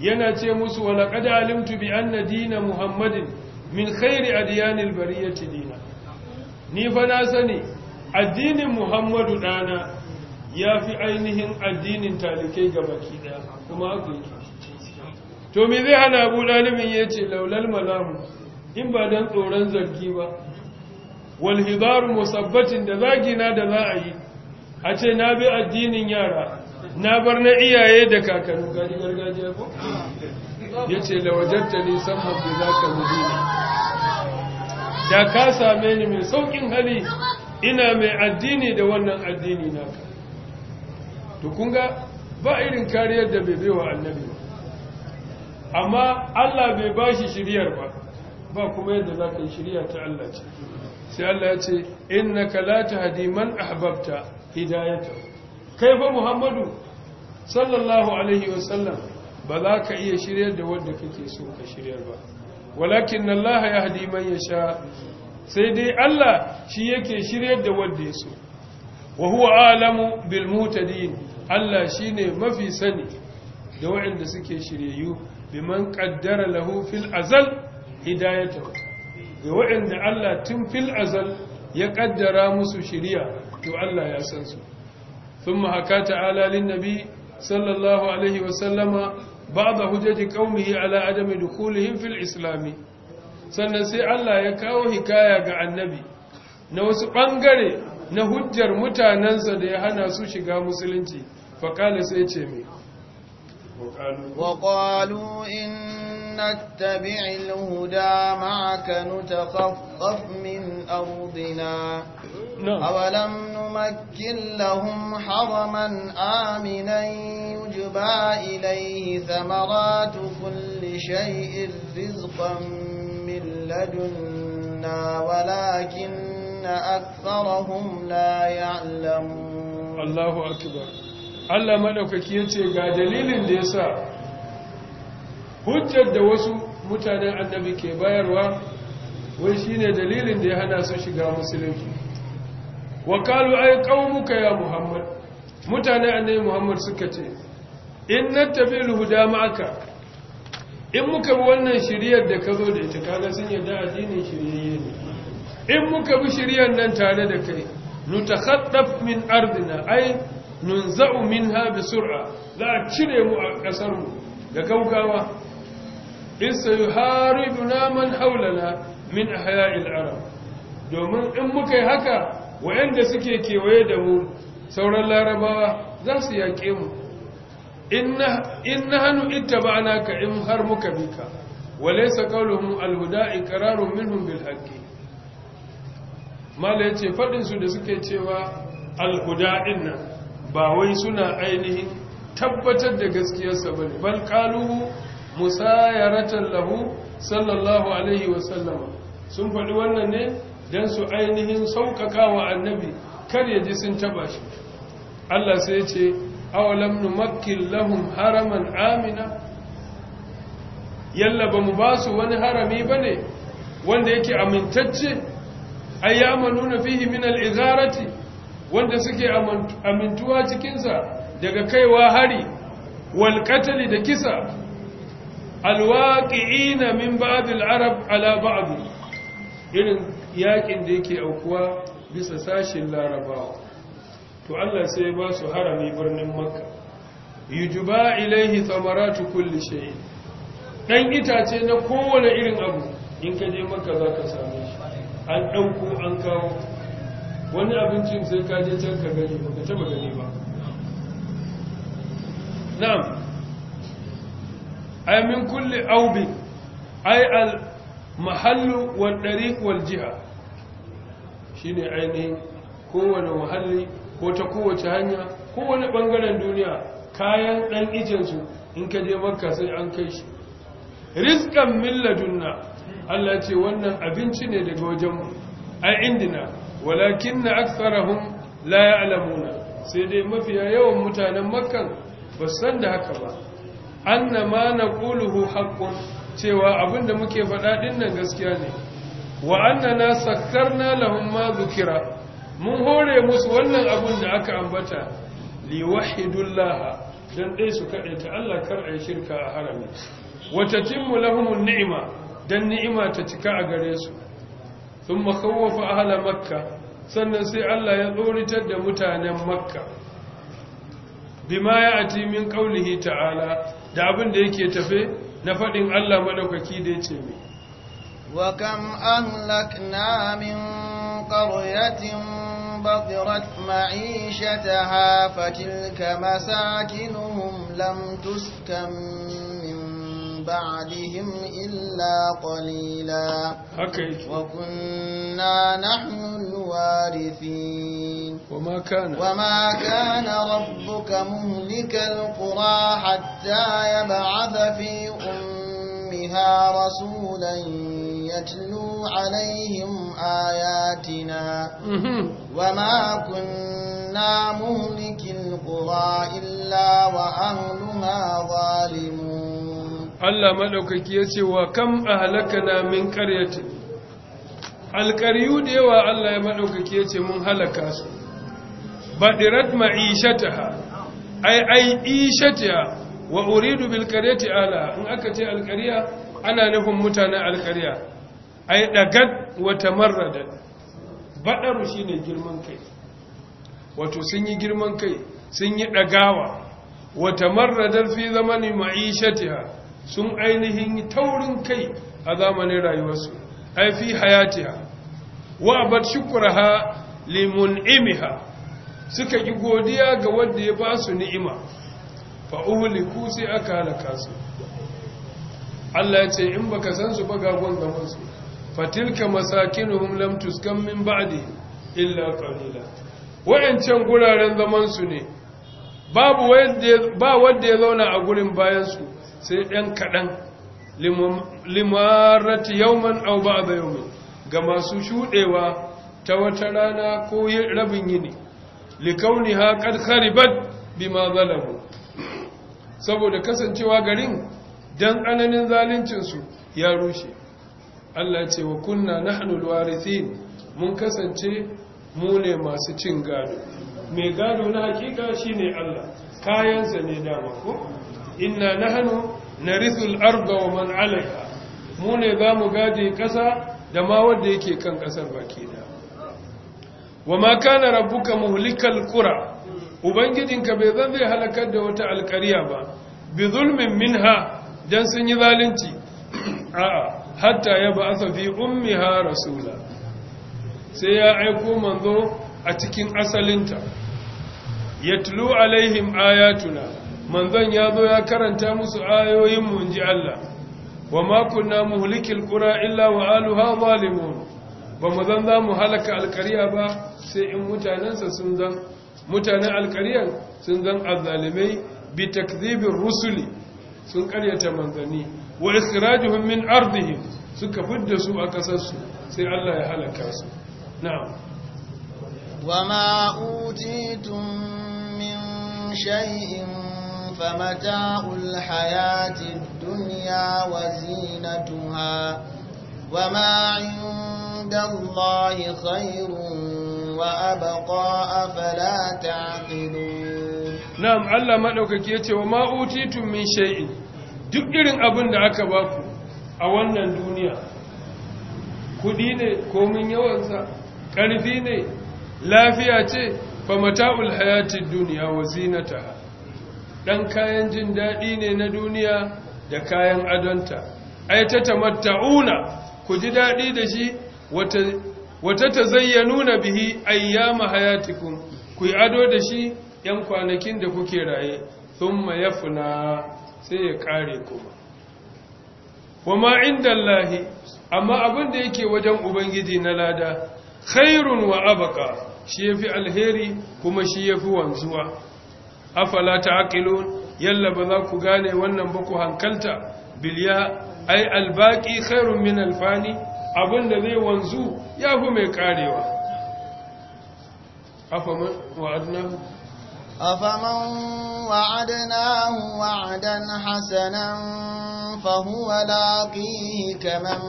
yana ce musu wa laqad alimtu bi anna dina muhammadin min khairi adyanil bariyati dina ni fa na sani addinin muhammadu dana yafi ainihin addinin talikai gabaki daya kuma haka to me zai hana abu dalibin ya ce laulal malamu in ba don tsoron zargi ba walhizaru musabbatin da zagina da za a yi a ce na bi addinin yara na bar na iyaye da kakannin gani gargajiya ko ya ce da lawajatta ne saman da za ka mudina da ka same ni mai saukin hali ina mai addini da wannan addini na to tukunga ba irin kariyar da bai baiwa annabi amma Allah bai bashi shiriyar ba ba kuma yadda za ka yi shiriya ta Allah ce sai Allah ya ce in na kalata hadiman ahbabta hidayata kai ba Muhammadu sallallahu alaihi wasallam ba za ka iya shiryar da wanda kake so ka shiryar ba walakin Allah ya hadi man sha. sai dai Allah shi yake shiryar da wanda ya so wa huwa alamu bil mutadin Allah shine mafi sani da waɗanda suke shiryayyu biman qaddara lahu fil azal hidayatahu ga waɗanda Allah tun fil azal ya kaddara musu shiriya to Allah ya san su Sun mahakata alalin lin nabi sallallahu alaihi wasallama ba'da hujjaji qaumihi al'adami adami dukulihim fil islam sannan sai Allah ya kawo hikaya ga annabi na wasu ɓangare na hujjar mutanensa da ya hana su shiga musulunci faqala sai ce mai. نتبع الهدى معك نتخطف من أرضنا أولم نمكن لهم حرما آمنا يجبى إليه ثمرات كل شيء رزقا من لدنا ولكن أكثرهم لا يعلمون الله أكبر Allah maɗaukaki ya ce ga dalilin da ya sa hujjar da wasu mutanen annabi ke bayarwa wai shine dalilin da ya hana su shiga musulunci wa kalu ay qaumuka ya muhammad mutanen annabi muhammad suka ce in nattabi'ul huda ma'aka in muka bi wannan shiriyar da ka zo da ita kaga sun yarda addinin shiriyye ne in muka bi shiriyar nan tare da kai nutakhaddaf min ardina ay nunza'u minha bisur'a sur'a za a cire mu a kasar mu da gaugawa إذ سيحاربنا haulana min من أحياء العرب domin in muka yi haka waɗanda suke kewaye da mu sauran larabawa za su yaƙe mu in na hannu ita ba ka in har muka bi ka wale sa kaulohun alhuda ikararun minhum bil haƙƙi mala ya ce faɗinsu da suke cewa alhuda ɗin ba wai suna ainihin tabbatar da gaskiyarsa ba ne bal musayaratan lahu sallallahu alaihi wasallam sun faɗi wannan ne don su ainihin wa annabi kar ya ji sun taba shi Allah sai ce awalam makkin lahum haraman amina yalla ba mu ba su wani harami ba ne wanda yake amintacce ayyamanu na fihi min al'izarati wanda suke amintuwa cikinsa daga kaiwa hari walƙatali da kisa alwaƙi'ina min ba'adul arab ala ba'adu irin yakin da yake aukuwa bisa sashin larabawa to Allah sai ba su harami birnin makka yujuba ilaihi thamaratu kulli shay dan itace na kowane irin abu in ka je makka za ka same shi an dauko an kawo wani abincin sai ka je can ka gani ba ka taba gani ba na'am ay min kulli aubin ay al mahallu wal dariq wal jiha shine ainihin kowane muhalli ko ta kowace hanya kowane bangaren duniya kayan dan ijensu in ka je makka sai an kai shi rizqan min ladunna Allah ce wannan abinci ne daga wajenmu ai indina walakinna aktharahum la ya'lamuna sai dai mafiya yawan mutanen makkan ba san da haka ba anna ma naquluhu haqqun cewa abinda muke faɗa dinnan gaskiya ne wa annana sakkarna lahum ma dhukira mun hore musu wannan abun da aka ambata liwahidullah dan dai su ta Allah kar ai shirka a harami wa tatimmu lahum nima dan ni'ima ta cika a gare su thumma khawafa ahla makkah sannan sai Allah ya tsoritar da mutanen makkah bima ya ati min qawlihi ta'ala da abin da yake tafe na faɗin Allah madaukaki da ce mai wa kam an lakna min qaryatin badirat ma'ishataha fatilka masakinuhum lam tuskan بعدهم إلا قليلا وكنا نحن الوارثين وما كان وما كان ربك مهلك القرى حتى يبعث في أمها رسولا يتلو عليهم آياتنا وما كنا مهلك القرى إلا وأهلها ظالمون Allah maɗaukaki ya ce wa kam a halakana min ƙaryata alƙaryu da yawa Allah ya maɗaukaki ya ce mun halaka su baɗirat ma'ishataha ai ai ishataha wa uridu bil ƙaryata ala in aka ce alƙarya ana nufin mutanen alƙarya ai ɗagat wa tamarradat baɗaru shine girman kai wato sun yi girman kai sun yi ɗagawa wa tamarradat fi zamanin ma'ishataha sun ainihin taurin kai a zamanin rayuwarsu ai fi hayatiha wa bat shukraha limun imiha suka ki godiya ga wanda ya ba su ni'ima fa uhliku sai aka halaka su Allah ya ce in baka san su ba gagon gaban su fatilka masakinuhum lam tuskam min ba'di illa qalila wayancan guraren zaman su ne babu wanda ba wanda ya zauna a gurin bayan su sai ɗan kaɗan limarati yauman au ba da ga masu shuɗewa ta wata rana ko rabin yini likauni ha ƙarƙaribat bi ma zalabu. saboda kasancewa garin don tsananin zalincinsu, ya rushe Allah ce wa kunna nahnul warithin mun kasance mu ne masu cin gado mai gado na hakika shine Allah kayansa ne dama ko inna nahnu narithul arda wa man alaka. mu ne za mu gaje ƙasa, da ma wanda yake kan ƙasar baki da wa ma kana rabbuka muhlikal qura ubangijinka bai zan zai halakar da wata alkariya ba bi zulmin minha dan sun yi zalunci a'a hatta ya ba'atha fi ummiha rasula sai ya aiko manzo a cikin asalinta Ya tulu alaihim ayatuna manzon ya zo ya karanta musu ayoyin mu inji Allah wa ma kunna muhlikil qura illa wa aluha zalimun ba mu zan za mu halaka alkariya ba sai in mutanensa sun zan mutanen alkariyar sun zan azzalimai bi takdhibir rusuli sun karyata manzani wa ikhrajuhum min ardihim suka fidda su a kasarsu sai Allah ya halaka su na'am wa ma utitum min shay'in فمتاع الحياة الدنيا وزينتها وما عند الله خير وأبقى أفلا تعقلون نعم الله مدوكك يتي وما أوتيتم من شيء duk أبن دعك باكو أولا الدنيا kudine wannan duniya komin yawansa ƙarfi ne lafiya ce fa mata'ul hayatid duniya wa zinataha dan kayan jin daɗi ne na duniya da kayan adonta ai ta tamatta'una ku ji daɗi da shi wata wata nuna bihi ayyama hayatikum ku yi ado da shi yan kwanakin da kuke raye thumma yafna sai ya kare kuma ma inda Allahi amma abin da yake wajen ubangiji na lada khairun wa abaka shi yafi alheri kuma shi yafi wanzuwa afala ta'qilun yalla ba za ku gane wannan ba ku hankalta bilya ai albaqi khairun min alfani abinda zai wanzu yafi mai karewa afaman wa'adnahu afaman wa'adnahu wa'dan hasanan fahuwa laqihi kaman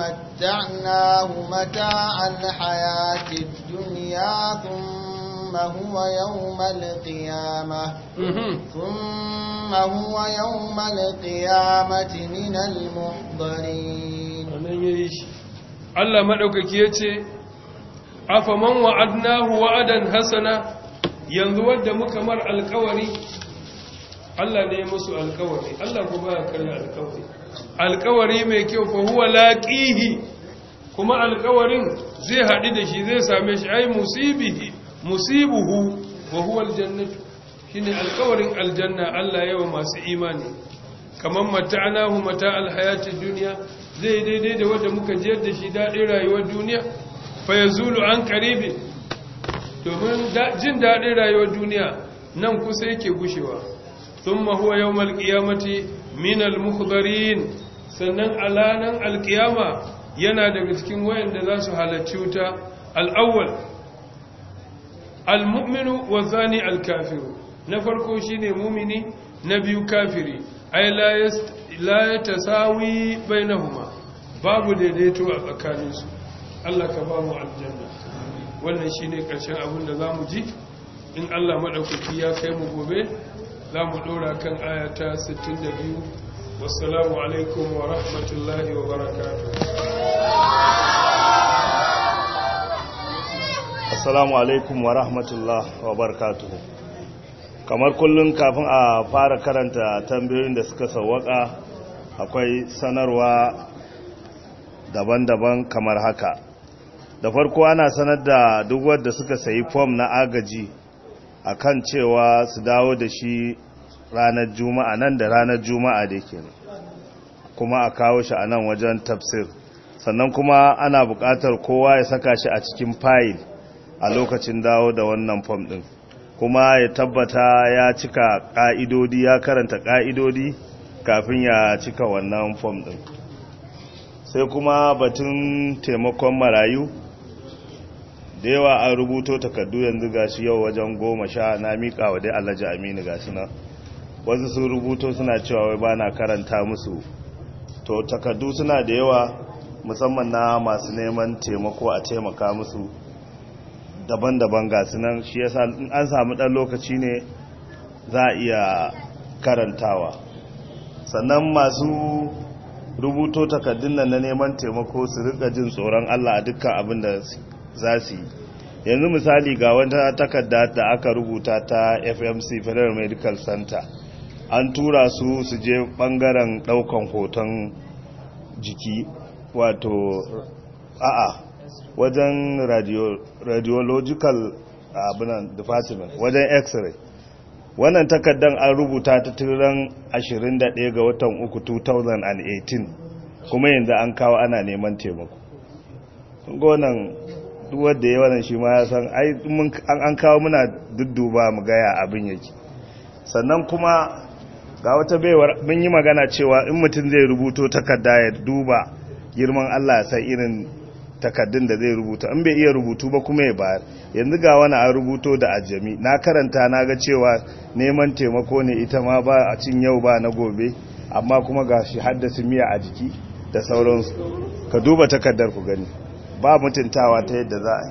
متعناه متاع الحياة الدنيا ثم ثم هو يوم القيامة ثم هو يوم القيامة من المحضرين Allah maɗaukaki ya ce, Afaman wa'adnahu wa'adan hasana yanzu wadda alkawari, Allah ne musu alkawari, Allah ku ba kalla alkawari. Alkawari mai kyau fa huwa laƙihi, kuma alkawarin zai haɗu da shi zai same shi ai musibihi musibuhu wa huwa aljannatu shine alƙawarin aljanna Allah yawa masu imani kamar mata'anahu mata hayatid dunya zai daidai da wanda muka je da shi daɗin rayuwar duniya fa yazulu an qaribi domin jin daɗin rayuwar duniya nan kusa yake gushewa thumma huwa yawmal qiyamati min al sannan alanan alqiyama yana daga cikin wayanda za su halarci wuta al awwal al-mu'minu wa zani al-kafiru na farko shine mumini na biyu kafiri ai la yatasawi bainahuma babu daidaito a tsakaninsu Allah ka ba mu aljanna wannan shine karshen abin da zamu ji in Allah madaukaki ya kai mu gobe zamu dora kan ayata 62 wassalamu alaikum wa rahmatullahi wa barakatuh assalamu alaikum wa rahmatullah wa barakatuhu kamar kullum kafin a fara karanta tambayoyin da suka sauwaka akwai sanarwa daban-daban kamar haka da farko ana sanar da duk wadda suka sayi fom na agaji a kan cewa su dawo da shi ranar juma'a nan da ranar juma'a da ke, kuma a kawo shi a nan wajen tafsir sannan kuma ana bukatar kowa ya saka shi a cikin fayil a lokacin dawo da wannan fom ɗin kuma ya tabbata ya cika ƙa'idodi ya karanta ƙa'idodi kafin ya cika wannan fom ɗin sai kuma batun taimakon marayu da yawa an rubuto takardu yanzu gashi yau wajen goma sha na miƙa wa dai alhaji aminu ga suna wasu sun rubuto suna cewa wai ba karanta musu to takardu suna da yawa musamman na masu neman taimako a taimaka musu daban-daban ga sunan shi yasa an samu dan lokaci ne za a iya karantawa sannan masu rubuto takardun nan na neman taimako su rika jin tsoron Allah a dukkan abin da za su yi yanzu misali ga wata takarda da aka rubuta ta FMC Federal Medical Center an tura su su je bangaren daukan hoton jiki wato a'a wajen radiological ah, abinan department wajen x-ray wannan takardar an rubuta ta tiran 21 ga watan 3 2018 kuma yanzu an kawo ana neman taimako gonan wadda ya yawan shi ma ya san an kawo muna dudduba mu gaya abin yake sannan kuma ga wata baiwar mun yi magana cewa in mutum zai rubuto takarda ya duba girman Allah ya san irin takaddun da zai rubuta in bai iya rubutu ba kuma ya bayar yanzu ga wani an rubuto da ajami na karanta na ga cewa neman taimako ne ita ma ba a cin yau ba na gobe amma kuma ga shi haddasa miya a jiki da sauransu ka duba takardar ku gani ba mutuntawa ta yadda za a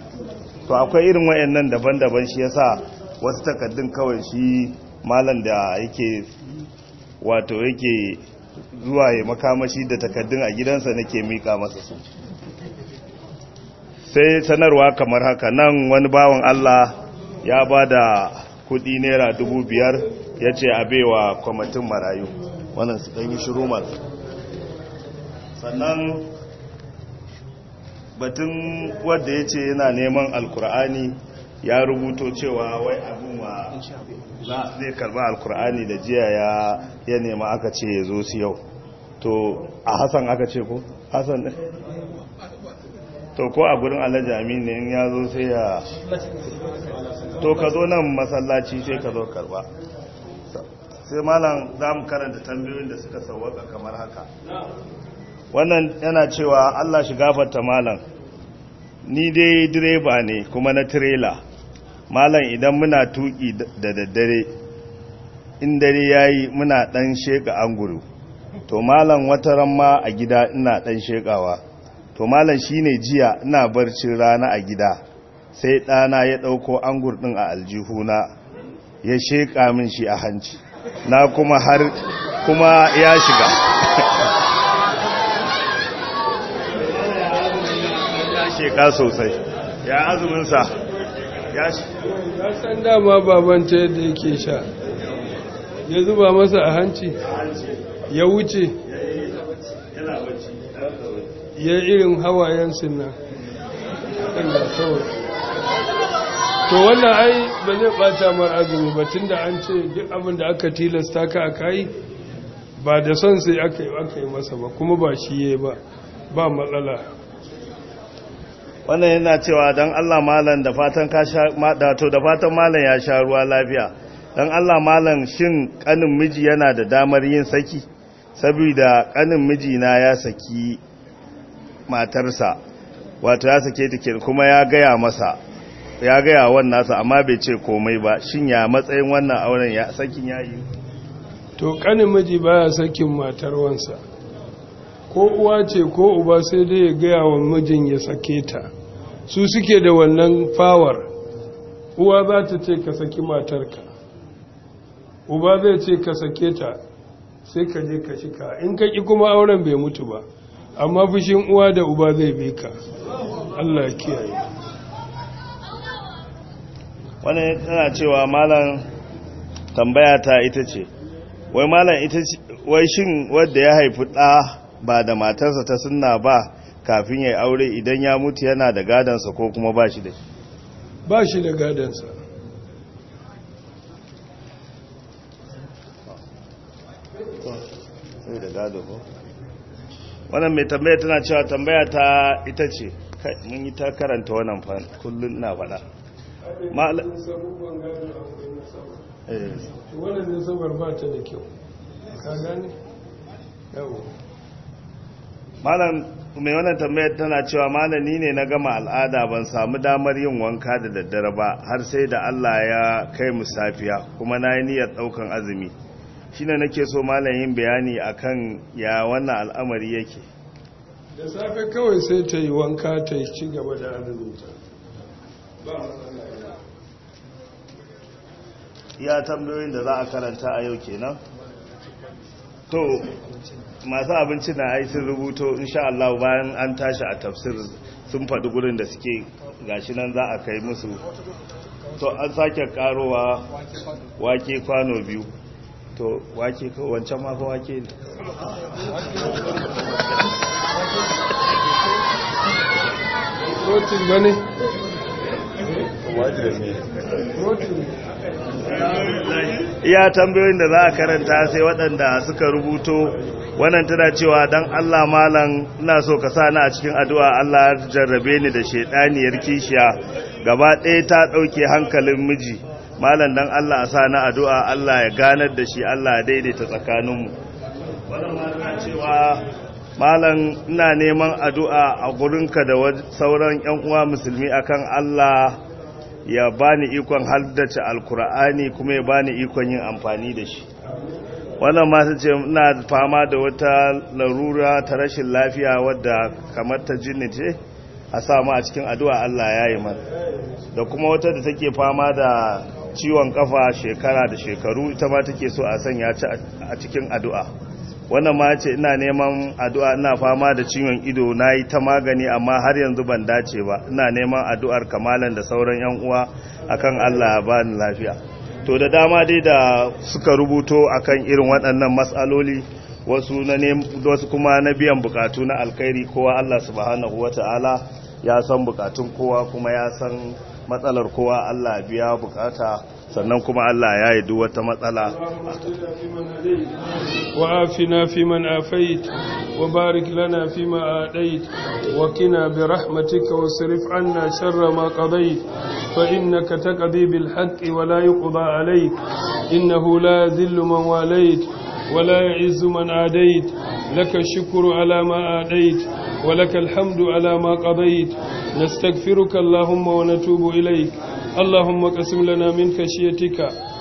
to akwai irin wayan nan daban-daban shi yasa wasu takaddun kawai shi malam da yake wato yake zuwa ya makamashi da takaddun a gidansa nake mika masa su sai sanarwa kamar haka nan wani bawan Allah ya ba da kudi naira dubu biyar ya ce a baiwa kwamitin marayu wannan su ɗanyi shiru masu sannan batun wadda ya ce yana neman alkur'ani ya rubuto cewa wai abin wa zai karba alkur'ani da jiya ya nema aka ce ya zo su yau to a hassan aka ce ko hassan to ko a gurin alhaji amin ne in ya zo sai ya to ka zo nan masallaci sai ka zo karba sai malam za mu karanta tambayoyin da suka sauwaka kamar haka wannan yana cewa allah shi gafarta malam ni dai direba ne kuma na tirela malam idan muna tuki da daddare in dare yayi muna dan sheka anguru to malam wataran ma a gida ina dan shekawa to malam shine jiya ina barcin rana a gida sai ɗana ya ɗauko angur ɗin a aljihuna ya sheƙa min shi a hanci na kuma har kuma ya shiga ya sheka sosai ya azuminsa ya ya san dama babanta yadda yake sha ya zuba masa a hanci ya wuce yana wuce ya irin hawayen sinna to wannan ai ba zai bata mara azumi ba da an ce duk abin da aka tilasta ka a yi ba da son sai aka yi masa ba kuma ba shi ya ba ba matsala wannan yana cewa don allah malam da fatan ka sha da fatan malam ya sha ruwa lafiya don allah malam shin kanin miji yana da damar yin saki saboda kanin miji na ya saki matarsa wato ya sake ta kuma ya gaya masa ya gaya wannan sa amma bai ce komai ba shin ya matsayin wannan auren ya sakin yayi to kanin miji baya sakin matar wansa ko uwa ce ko uba sai dai ya gaya wa mijin ya sake ta su suke da wannan fawar uwa za ta ce ka saki matarka uba zai ce ka sake ta sai ka je ka shika in ka ƙi kuma auren bai mutu ba amma fushin uwa da uba zai bi ka Allah ya kiyaye wani tana cewa malam tambaya ta ita ce wai malam ita ce wai shin wanda ya haifi ɗa ba da matarsa ta sunna ba kafin ya aure idan ya mutu yana da gadansa ko kuma ba shi da shi ba shi da gadansa da gado wannan mai tambaya tana cewa tambaya ta ita ce mun yi ta karanta wannan fa kullun na faɗa eh. wannan ne sabar ba ta da kyau ka gane malam mai wannan tambayar tana cewa malami ne na gama al'ada ban samu damar yin wanka da daddare ba har sai da Allah ya kai mu safiya kuma na yi niyyar daukan azumi ne nake so malayin bayani akan ya wannan al'amari yake da safe kawai sai ta yi wanka ta yi ci gaba da azuminta ba matsala ya tambayoyin da za a karanta a yau kenan to masu abinci na aisin rubuto insha Allah bayan an tashi a tafsir sun faɗi gurin da suke gashi nan za a kai musu to an sake karowa wake kwano biyu to wake ko wancan ma fa wake ne protein iya tambayoyin da za a karanta sai waɗanda suka rubuto wannan tana cewa don allah malam ina so ka sa ni a cikin addu'a allah jarrabe ni da shaidaniyar kishiya gaba ɗaya ta ɗauke hankalin miji malam dan Allah a sa na addu'a Allah ya ganar da shi Allah ya daidaita tsakaninmu wannan malam cewa malam ina neman addu'a a gurin ka da sauran yan uwa musulmi akan Allah ya bani ikon haddace alkur'ani kuma ya bani ikon yin amfani da shi wannan masu ce ina fama da wata larura ta rashin lafiya wadda kamar ta jinni ce a samu a cikin addu'a Allah ya yi mana da kuma wata da take fama da ciwon kafa shekara da shekaru ita ma take so a sanya a cikin addu'a wannan ma ce ina neman addu'a ina fama da ciwon ido nayi ta magani amma har yanzu ban dace ba ina neman addu'ar kamalan da sauran 'yan uwa akan Allah ba ni lafiya to da dama dai da suka rubuto akan irin waɗannan matsaloli wasu na wasu kuma na biyan bukatu na alkhairi kowa Allah subhanahu wata'ala ya san bukatun kowa kuma ya san matsalar kowa Allah biya bukata sannan kuma Allah ya yi duk wata matsala wa afina fi man afait wa barik lana fi ma adait wa qina bi rahmatika wasrif anna sharra ma qadait fa innaka taqdi bil haqqi wa la yuqda alayk innahu la yadhillu man walayt ولا يعز من عاديت لك الشكر على ما آديت ولك الحمد على ما قضيت نستغفرك اللهم ونتوب إليك اللهم قسم لنا من خشيتك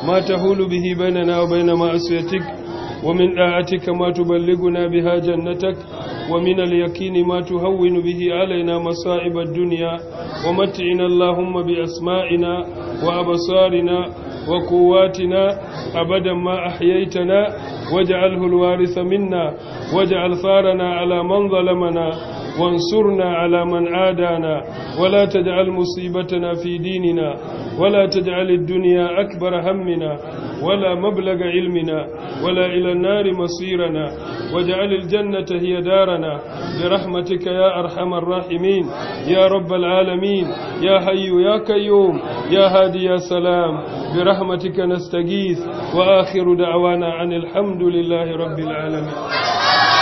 ما تحول به بيننا وبين معصيتك ومن طاعتك ما تبلغنا بها جنتك ومن اليقين ما تهون به علينا مصائب الدنيا ومتعنا اللهم بأسمائنا وأبصارنا وقواتنا أبدا ما أحييتنا واجعله الوارث منا واجعل ثارنا على من ظلمنا وانصرنا على من عادانا ولا تجعل مصيبتنا في ديننا ولا تجعل الدنيا أكبر همنا ولا مبلغ علمنا ولا إلى النار مصيرنا واجعل الجنة هي دارنا برحمتك يا أرحم الراحمين يا رب العالمين يا حي يا كيوم يا هادي يا سلام برحمتك نستغيث وآخر دعوانا عن الحمد لله رب العالمين